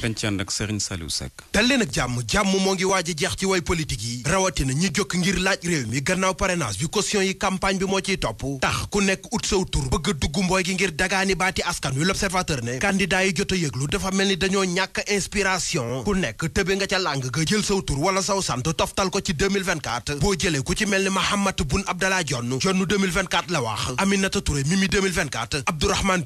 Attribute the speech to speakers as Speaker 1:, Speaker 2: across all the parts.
Speaker 1: penc ànd ak jàmm jàmm moo ngi waaj a jeex ci way politique yi rawatina ñi jokk ngir laaj réew mi gannaaw parrainage bi caution yi campagne bi moo ciy topp tax ku nekk ut saw tur bëgg a dugg mbooy gi ngir dagaani baati askan wi l'observateur ne candidat yi jot a yëglu dafa mel ni dañoo ñàkk inspiration ku nekk tëbe nga ca làng ga jël saw wala saw toftal ko ci boo jëlee ku ci mel ni Mahammat Boun Abdallah Dionne Dionne la wax a Touré Mimi 2024 Abdourahmane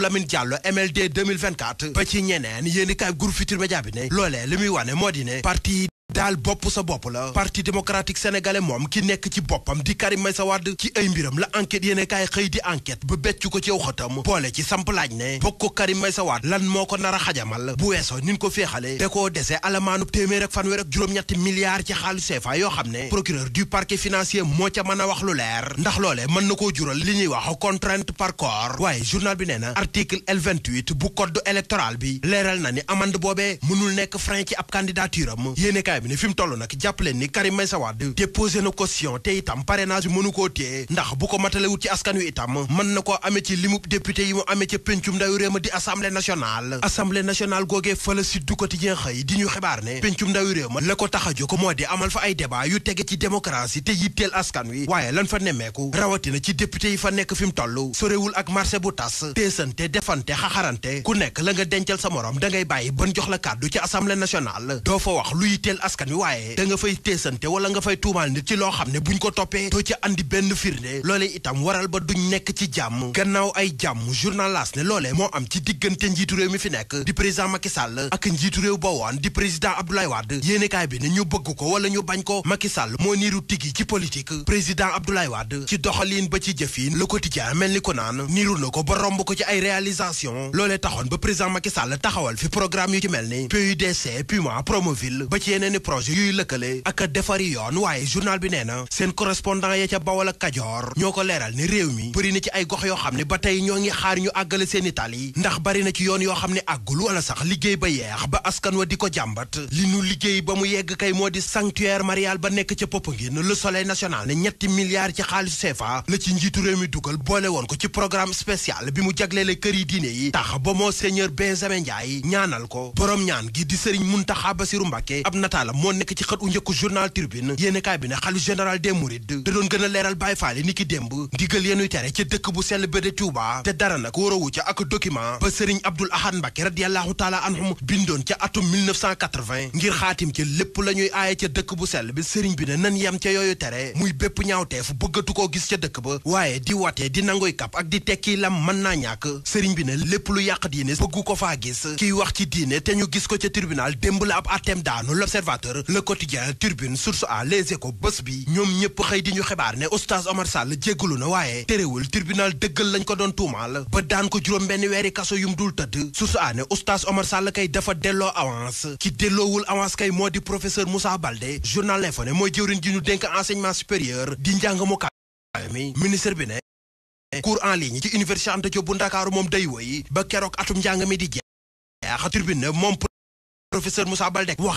Speaker 1: Mamadou Lamine Diallo MLD 2024 ñeneen yéen i kaay groupe Futur Média ne loolee li muy wane moo di daal bopp sa bopp la parti démocratique sénégalais moom ki nekk ci boppam di Karim Meïssa ci ay mbiram la enquête yéene xëy di enquête ba becc ko ci aw xëtam boole ci samp ne bokk Karim Meïssa lan moo ko nar a xajamal bu weesoo nin ko féexale da koo dese alamaanu téeméer ak fanweer ak juróom-ñetti milliards ci xaalu CFA yoo xam ne procureur du parquet financier moo ca mën wax lu leer ndax loole mën na koo jural li ñuy wax contrainte par corps l na ni amande yéenekaay bi ne fi mu nag jàppaleen ni Karim Meïssa Wade déposé na caution te itam parrainage bi mënu koo téye ndax bu ko matalewut ci askan wi itam mën na koo amee ci limub député yi mu amee ca péncum ndayu réew ma di assemblée nationale assemblée nationale googee fële si du quotidien xëy di ñu xibaar ne péncum ndayu réew ma la ko tax a jóg moo di amal fa ay débat yu tege ci démocratie te yitteel askan wi waaye lan fa nemmeeku rawatina ci député yi fa nekk fi mu toll sorewul ak marché bu tas teesante defante xaxarante ku nekk la nga dencal sa morom da ngay bàyyi ban jox la kàddu ci assemblée nationale doo fa askan wi waaye da nga fay teesante wala nga fay tuumaal nit ci loo xam ne bu buñ ko toppee doo ci andi benn firnde loolee itam waral ba duñ nekk ci jàmm gannaaw ay jàmm journal L'As ne loolee moo am ci diggante njiitu réew mi fi nekk di président Macky Sall ak njiitu réew ba woon di président Abdoulaye Wade yéenekaay bi ne ñu bëgg ko wala ñu bañ ko Macky Sall moo niiru tigi ci politique président Abdoulaye Wade ci doxaliin ba ci jëfin la Quotidien mel ni ko naan niiru na ko ba ko ci ay réalisation loolee taxoon ba président Macky Sall taxawal fi programme yu ci mel ni PUDC projet yuy lëkkale ak defari yoon waaye journal bi nee na seen correspondant ya ca Bawol ak Kajoor ñoo ko leeral ni réew mi bëri na ci ay gox yoo xam ne ba tey ñoo ngi xaar ñu àggale seen i tali ndax bëri na ci yoon yoo xam ne àggul wala sax liggéey ba yeex ba askan wa di ko jàmbat li nu liggéey ba mu yegg kay moo di sanctuaire marial ba nekk ca Popenguine le soleil national ne ñetti milliards ci xaalisu CFA la ci njiitu réew mi dugal boole woon ko ci programme bi mu jagleele ba moo seigneur Benjamin ko borom ñaan gi di Serigne Mountakha Bassirou loola moo nekk ci xët u njëkku journal Tribune yéenekaay bi ne xalif général des mourides da doon gën a leeral Baye Fall yi ni ki démb ndigal yeenuy tere ca dëkk bu sell ba de Touba te dara nag wóorowu ca ak document ba Serigne Abdoul Ahad Mbacké radiyallahu taala anhum bindoon ca atum 1980 ngir xaatim ca lépp la ñuy aaye ca dëkk bu sell bi sëriñ bi ne nan yam ca yooyu tere muy bépp ñaawteef bëggatu koo gis ca dëkk ba waaye di watee di nangoy kap ak di tekki lam mën naa ñàkk sëriñ bi ne lépp lu yàq diine bëggu ko faa gis kiy wax ci diine te ñu gis ko ca tribunal démb la ab àtteem daanu l'observateur l'observateur le quotidien turbune source a les échos bés bi ñoom ñëpp xëy di ñu xibaar ne oustaz Omar Sall lu na waaye terewul tribunal dëggal lañ ko doon tuumaal ba daan ko juróom benn weeri kaso yum dul tëdd source a ne oustaz Omar Sall kay dafa delloo avance ki delloowul avance kay moo di professeur Moussa Baldé journal L'Info ne mooy jëwriñ ji ñu dénk enseignement supérieur di njàng mu kawe mi ministre bi ne cours en ligne ci université Anta Diop bu Ndakaaru moom day woy ba keroog atum njàng mi di jeex tribune moom professeur Moussa wax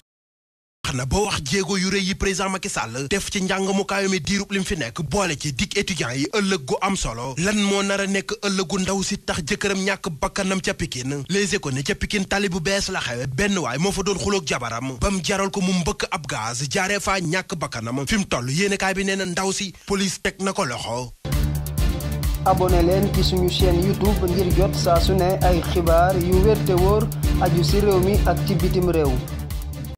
Speaker 1: xanaa ba wax jéego yu rëy yi président Macky Sall def ci njàng mu kaayumi diirub lim fi nekk boole ci dig étudiants yi ëllëg gu am solo lan moo nar a nekk ëllëgu ndaw si tax jëkkëram ñàkk bakkanam ca Pikine Les Échos ca Pikine tali bu bees la xewe benn waay moo fa doon xuloog jabaram ba mu jaral ko mu mbëkk ab gaz jaaree faa ñàkk bakkanam fi mu toll yéenekaay bi nee na ndaw si police teg na ko loxo abonné leen ci suñu chaîne youtube ngir jot saa su ne ay xibaar mi ak ci bitim réew